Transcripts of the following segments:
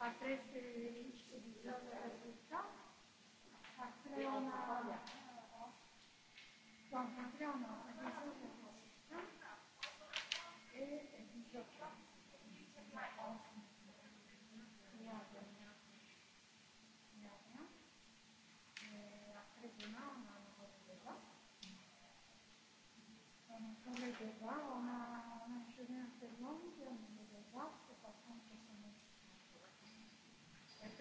après c'est déjà le résultat. Après on a donc après on a la question de résultat et déjà Pour les débats, on a, on e, a enchaîné un certain nombre.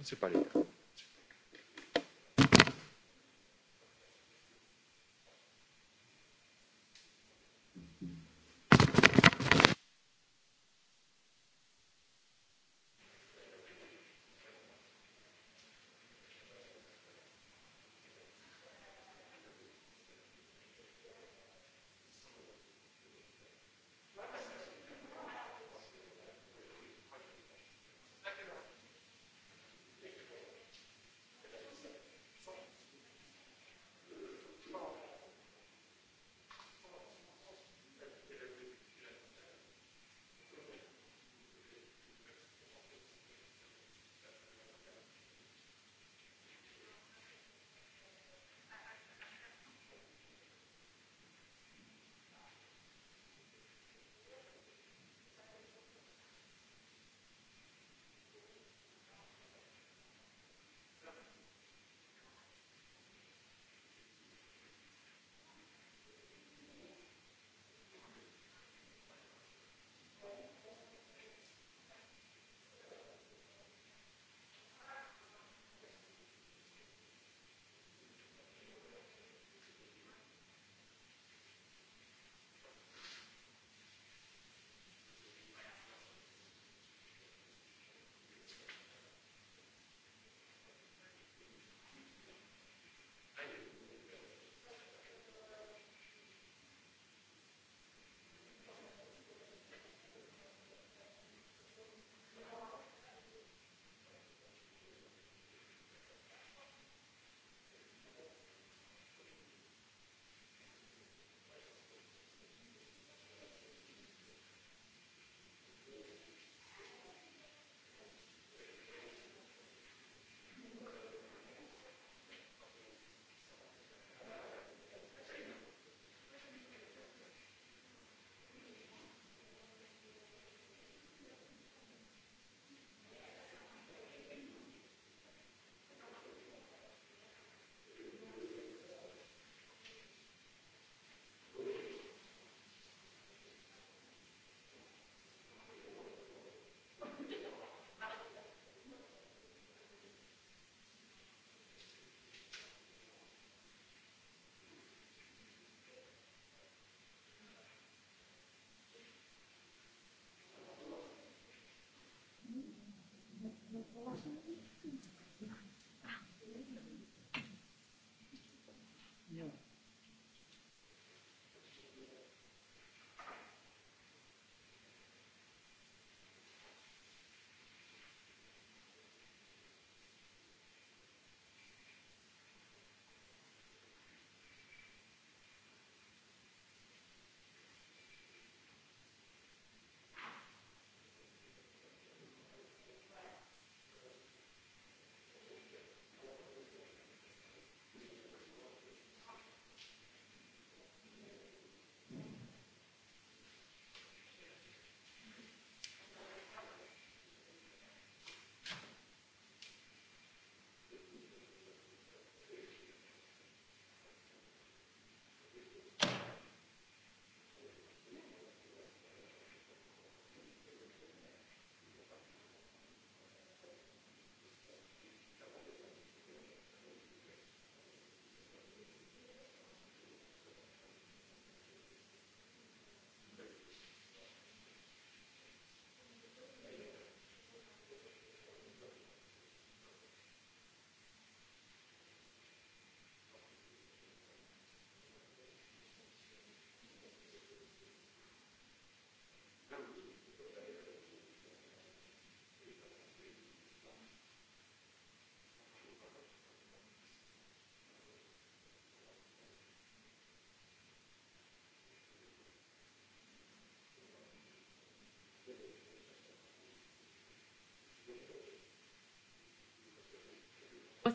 municipalidad.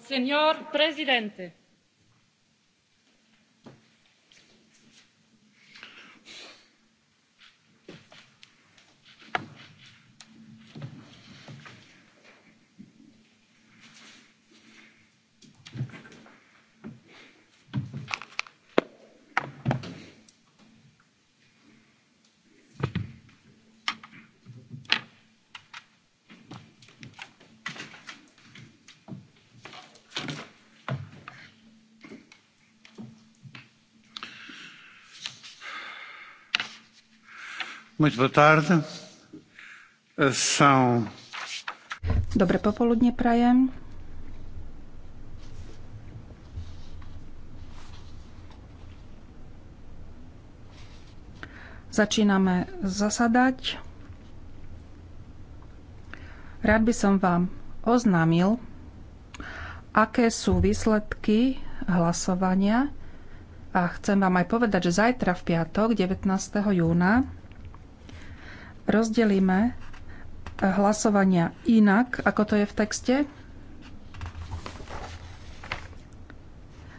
signor presidente Muito boa tarde. São... Dobré popoludne prajem. Začíname zasadať. Rád by som vám oznámil, aké sú výsledky hlasovania a chcem vám aj povedať, že zajtra v piatok 19. júna rozdelíme hlasovania inak, ako to je v texte,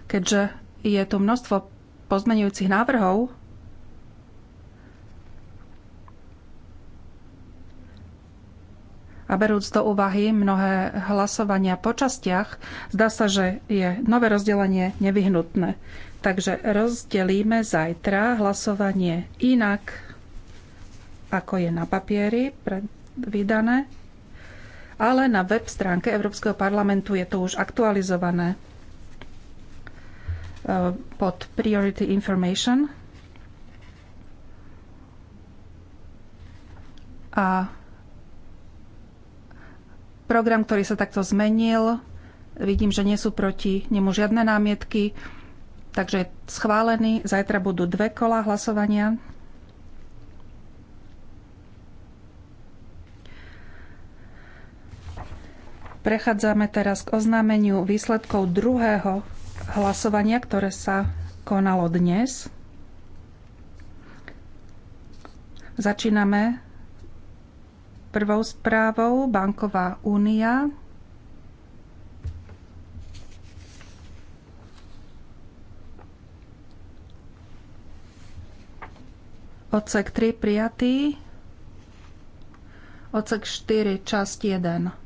keďže je tu množstvo pozmenujúcich návrhov, a berúc do úvahy mnohé hlasovania po častiach, zdá sa, že je nové rozdelenie nevyhnutné. Takže rozdelíme zajtra hlasovanie inak ako je na papieri vydané, ale na web stránke Európskeho parlamentu je to už aktualizované e, pod Priority Information. A program, ktorý sa takto zmenil, vidím, že nie sú proti nemu žiadne námietky, takže je schválený. Zajtra budú dve kola hlasovania Prechádzame teraz k oznámeniu výsledkov druhého hlasovania, ktoré sa konalo dnes. Začíname prvou správou Banková únia. Odsek 3 prijatý. Odsek 4, časť 1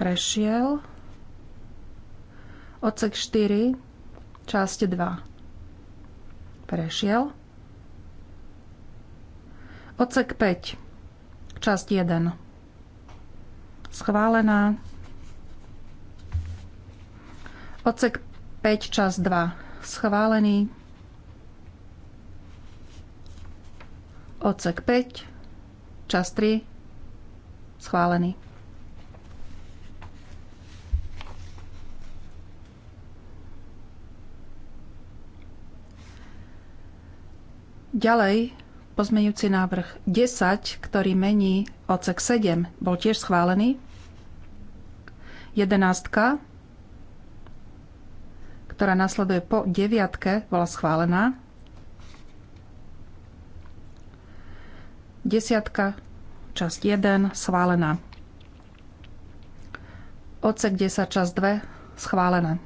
prešiel. Odsek 4, časť 2. Prešiel. Odsek 5, časť 1. Schválená. Odsek 5, časť 2. Schválený. Odsek 5, časť 3. Schválený. Ďalej, pozmeňujúci návrh 10, ktorý mení odsek 7, bol tiež schválený. 11, ktorá nasleduje po 9, bola schválená. 10, časť 1, schválená. Odsek 10, časť 2, schválená.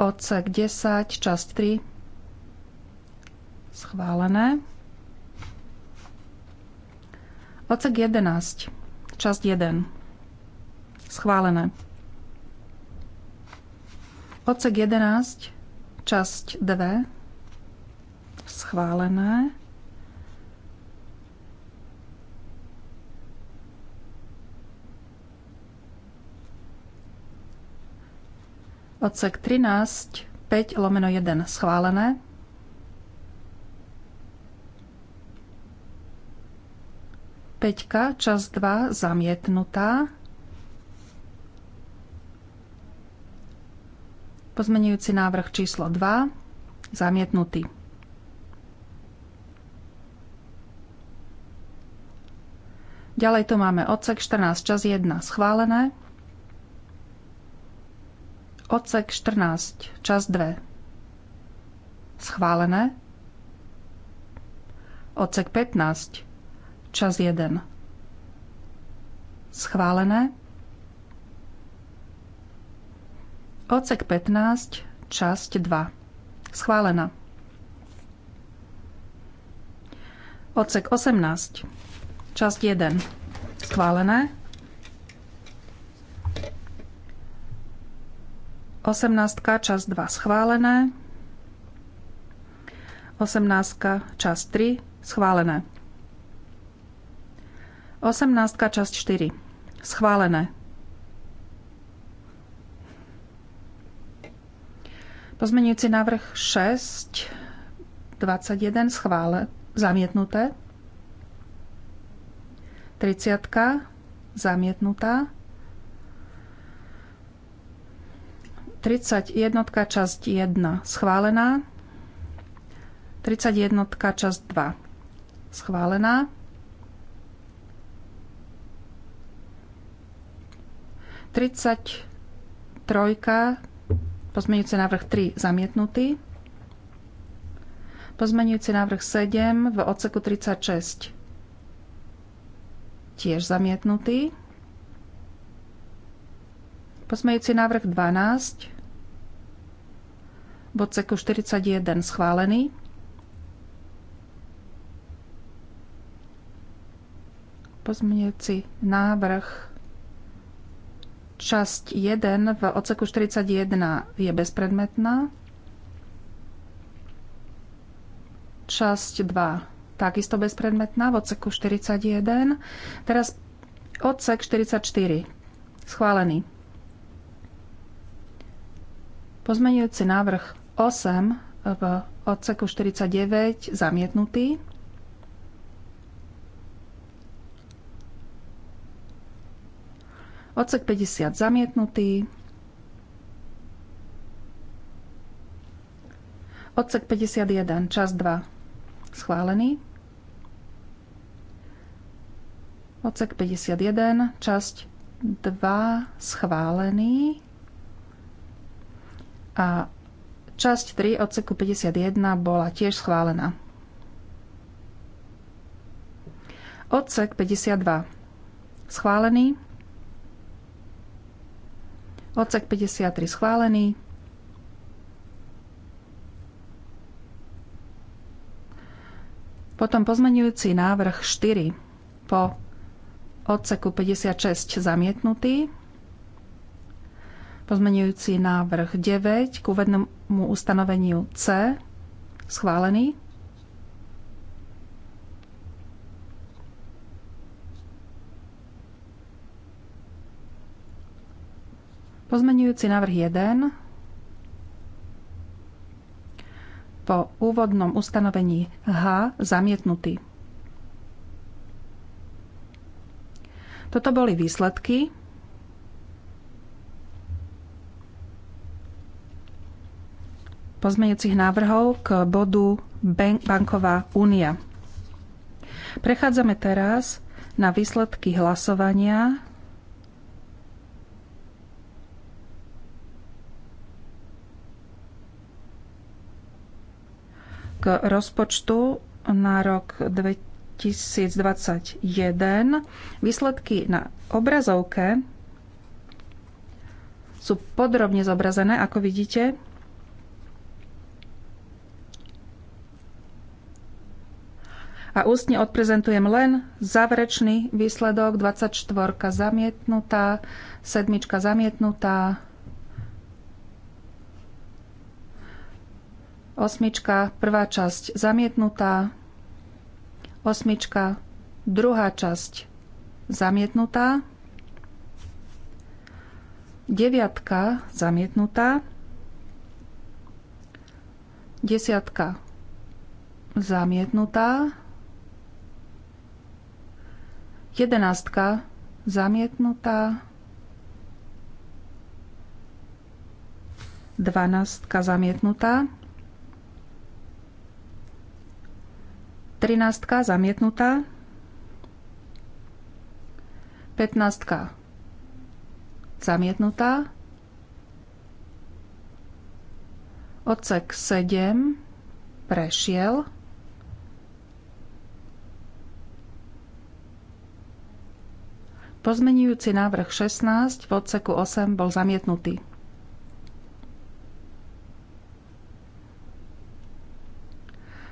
Odsek 10, časť 3, Schválené. Ocek 11. Časť 1. Schválené. Ocek 11. Časť 2. Schválené. Odsek 13, 5 lomeno 1 schválené. 5, čas 2 zamietnutá. Pozmenujúci návrh číslo 2 zamietnutý. Ďalej tu máme odsek 14 čas 1 schválené. Odsek 14 čas 2 schválené. Odsek 15 čas 1. Schválené. Ocek 15, časť 2. Schválená. Ocek 18, časť 1. Schválené. 18, časť 2. Schválené. 18, časť 3. Schválené. 18. časť 4. Schválené. Pozmenujúci návrh 6, 21 schvále, zamietnuté. 30 zamietnutá. 31 časť 1 schválená. 31 časť 2 schválená. 33. Pozmeňujúci návrh 3 zamietnutý. Pozmeňujúci návrh 7 v odseku 36 tiež zamietnutý. Pozmeňujúci návrh 12 v odseku 41 schválený. Pozmeňujúci návrh Časť 1 v odseku 41 je bezpredmetná. Časť 2 takisto bezpredmetná v odseku 41. Teraz odsek 44. Schválený. Pozmenujúci návrh 8 v odseku 49 zamietnutý. Odsek 50 zamietnutý. Odsek 51, čas 2 schválený. Odsek 51, časť 2 schválený. A časť 3 odseku 51 bola tiež schválená. Odsek 52 schválený. Odsek 53 schválený. Potom pozmenujúci návrh 4 po odseku 56 zamietnutý. Pozmenujúci návrh 9 k uvednému ustanoveniu C schválený. Pozmenujúci návrh 1 po úvodnom ustanovení H zamietnutý. Toto boli výsledky. pozmeňujúcich návrhov k bodu Banková únia. Prechádzame teraz na výsledky hlasovania k rozpočtu na rok 2021. Výsledky na obrazovke sú podrobne zobrazené, ako vidíte. A ústne odprezentujem len záverečný výsledok. 24 zamietnutá, 7 zamietnutá, Osmička, prvá časť zamietnutá. Osmička, druhá časť zamietnutá. Deviatka zamietnutá. Desiatka zamietnutá. Jedenáctka zamietnutá. Dvanáctka zamietnutá. 13 zamietnutá. 15 zamietnutá. Odsek 7 prešiel. Pozmenujúci návrh 16 v odseku 8 bol zamietnutý.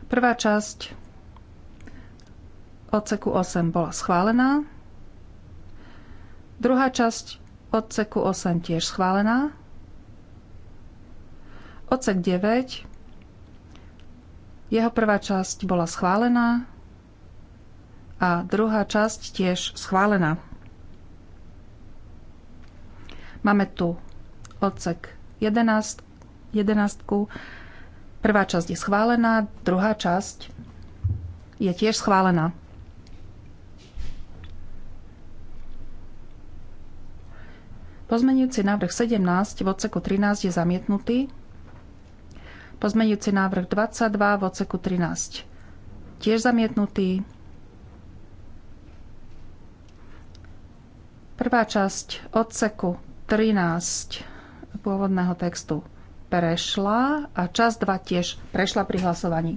Prvá časť odseku 8 bola schválená. Druhá časť odseku 8 tiež schválená. Odsek 9. Jeho prvá časť bola schválená a druhá časť tiež schválená. Máme tu odsek 11, 11. Prvá časť je schválená, druhá časť je tiež schválená. Pozmenujúci návrh 17 v odseku 13 je zamietnutý. Pozmenujúci návrh 22 v odseku 13 tiež zamietnutý. Prvá časť odseku 13 pôvodného textu prešla a časť 2 tiež prešla pri hlasovaní.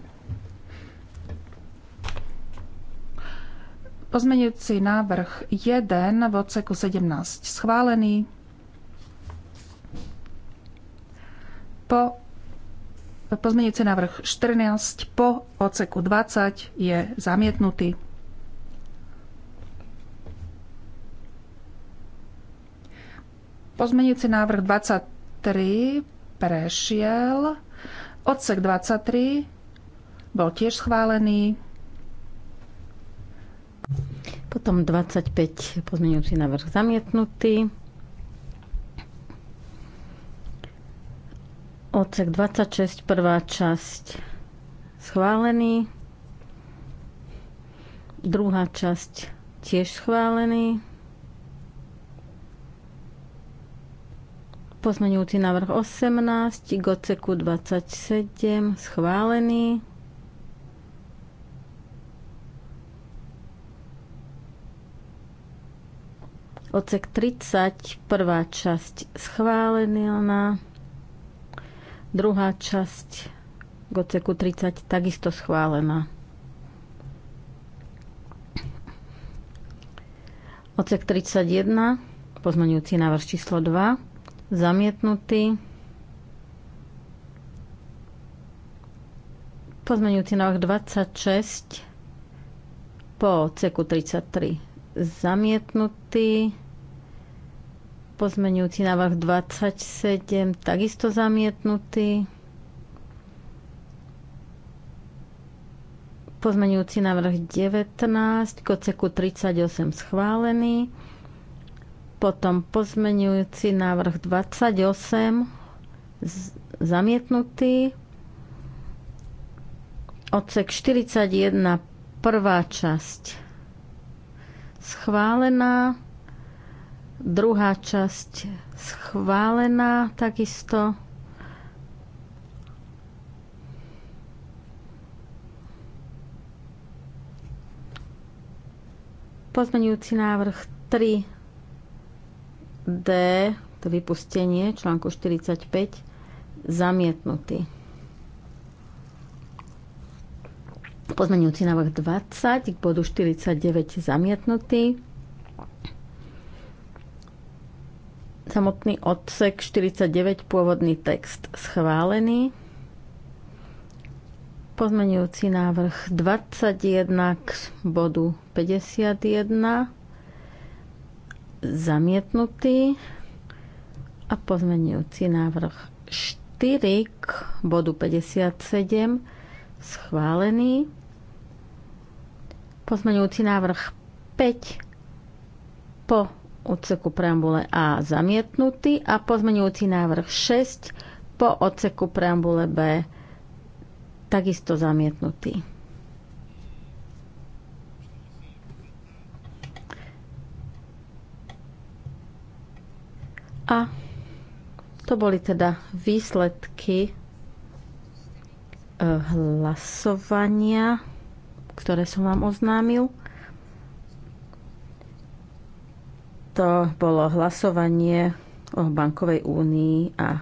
Pozmenujúci návrh 1 v odseku 17 schválený. Po pozmeňujúci návrh 14 po odseku 20 je zamietnutý. Pozmeňujúci návrh 23 prešiel. Odsek 23 bol tiež schválený. Potom 25 pozmeňujúci návrh zamietnutý. Ocek 26, prvá časť schválený. Druhá časť tiež schválený. Pozmenujúci návrh 18 k oceku 27 schválený. Ocek 30, prvá časť schválená. Druhá časť Goceku oceku 30 takisto schválená. Ocek 31, pozmenujúci návrh číslo 2, zamietnutý. Pozmenujúci návrh 26 po oceku 33 zamietnutý. Pozmenujúci návrh 27, takisto zamietnutý. Pozmenujúci návrh 19, koceku 38 schválený. Potom pozmenujúci návrh 28 zamietnutý. Odsek 41, prvá časť schválená. Druhá časť schválená takisto. Pozmenujúci návrh 3D, to vypustenie článku 45, zamietnutý. Pozmenujúci návrh 20 k bodu 49 zamietnutý. samotný odsek 49, pôvodný text schválený. Pozmenujúci návrh 21 k bodu 51 zamietnutý a pozmenujúci návrh 4 k bodu 57 schválený. Pozmenujúci návrh 5 po odseku preambule A zamietnutý a pozmenujúci návrh 6 po odseku preambule B takisto zamietnutý. A to boli teda výsledky eh, hlasovania, ktoré som vám oznámil. To bolo hlasovanie o bankovej únii a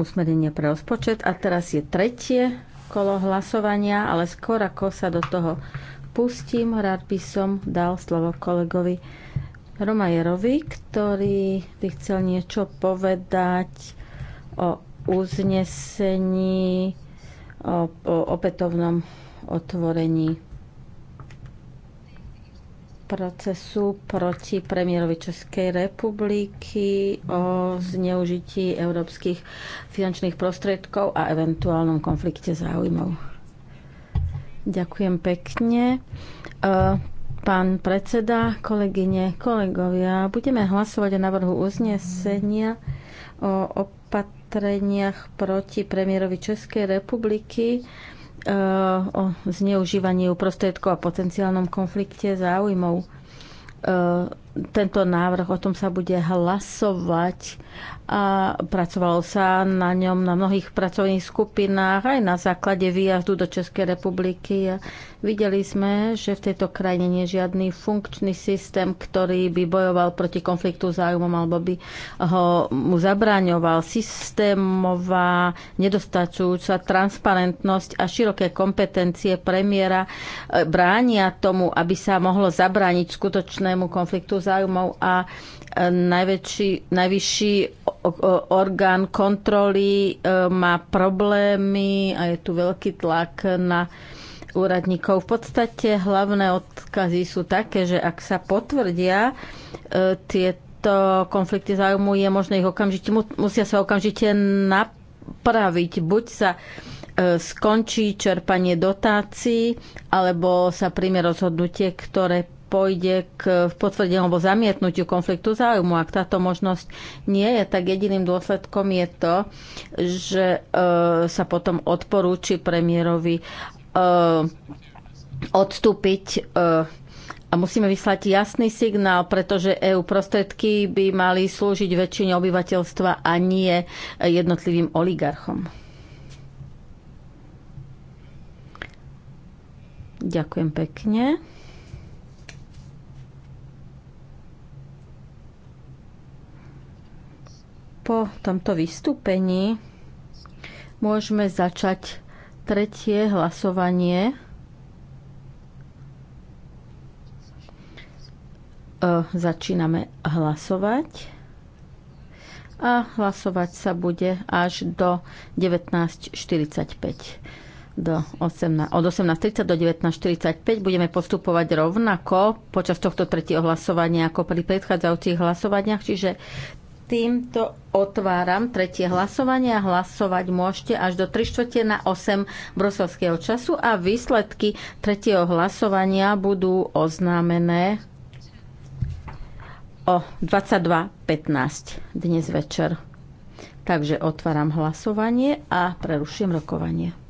usmernenie pre rozpočet. A teraz je tretie kolo hlasovania, ale skôr ako sa do toho pustím, rád by som dal slovo kolegovi Romajerovi, ktorý by chcel niečo povedať o uznesení, o, o opätovnom otvorení procesu proti premiérovi Českej republiky o zneužití európskych finančných prostriedkov a eventuálnom konflikte záujmov. Ďakujem pekne. E, pán predseda, kolegyne, kolegovia, budeme hlasovať o návrhu uznesenia o opatreniach proti premiérovi Českej republiky o zneužívaní prostriedkov a potenciálnom konflikte záujmov. E, tento návrh, o tom sa bude hlasovať a pracovalo sa na ňom na mnohých pracovných skupinách aj na základe výjazdu do Českej republiky. A videli sme, že v tejto krajine nie je žiadny funkčný systém, ktorý by bojoval proti konfliktu záujmom alebo by ho mu zabraňoval. Systémová nedostačujúca transparentnosť a široké kompetencie premiéra e, bránia tomu, aby sa mohlo zabrániť skutočnému konfliktu záujmov a najväčší, najvyšší orgán kontroly e, má problémy a je tu veľký tlak na úradníkov. V podstate hlavné odkazy sú také, že ak sa potvrdia e, tieto konflikty záujmu, je možné ich okamžite, musia sa okamžite napraviť. Buď sa e, skončí čerpanie dotácií, alebo sa príjme rozhodnutie, ktoré pôjde k potvrdeniu alebo zamietnutiu konfliktu záujmu. Ak táto možnosť nie je, tak jediným dôsledkom je to, že e, sa potom odporúči premiérovi e, odstúpiť e, a musíme vyslať jasný signál, pretože EU prostriedky by mali slúžiť väčšine obyvateľstva a nie jednotlivým oligarchom. Ďakujem pekne. Po tomto vystúpení môžeme začať tretie hlasovanie. E, začíname hlasovať a hlasovať sa bude až do 19.45. Do 18, od 18.30 do 19.45 budeme postupovať rovnako počas tohto tretieho hlasovania ako pri predchádzajúcich hlasovaniach, čiže Týmto otváram tretie hlasovanie a hlasovať môžete až do 3 čtvrte na 8 brosovského času a výsledky tretieho hlasovania budú oznámené o 22.15 dnes večer. Takže otváram hlasovanie a preruším rokovanie.